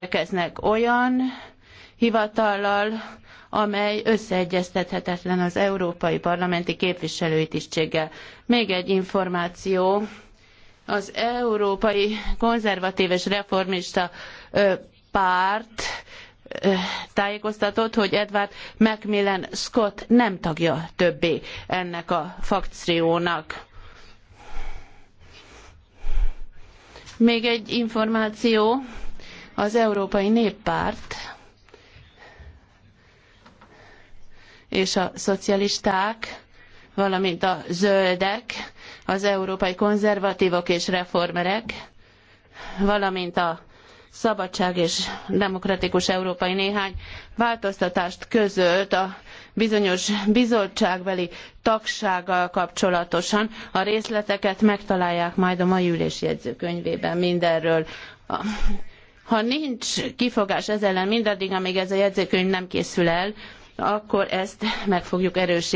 rendelkeznek olyan hivatallal, amely összeegyeztethetetlen az európai parlamenti képviselői tisztséggel. Még egy információ. Az Európai Konzervatív és Reformista Párt tájékoztatott, hogy Edward Macmillan Scott nem tagja többé ennek a fakciónak. Még egy információ. Az Európai Néppárt és a szocialisták, valamint a zöldek, az európai konzervatívok és reformerek, valamint a Szabadság és Demokratikus Európai néhány változtatást közölt a bizonyos bizottságbeli tagsággal kapcsolatosan. A részleteket megtalálják majd a mai ülés jegyzőkönyvében mindenről. A ha nincs kifogás ez ellen mindaddig, amíg ez a jegyzőkönyv nem készül el, akkor ezt meg fogjuk erősíteni.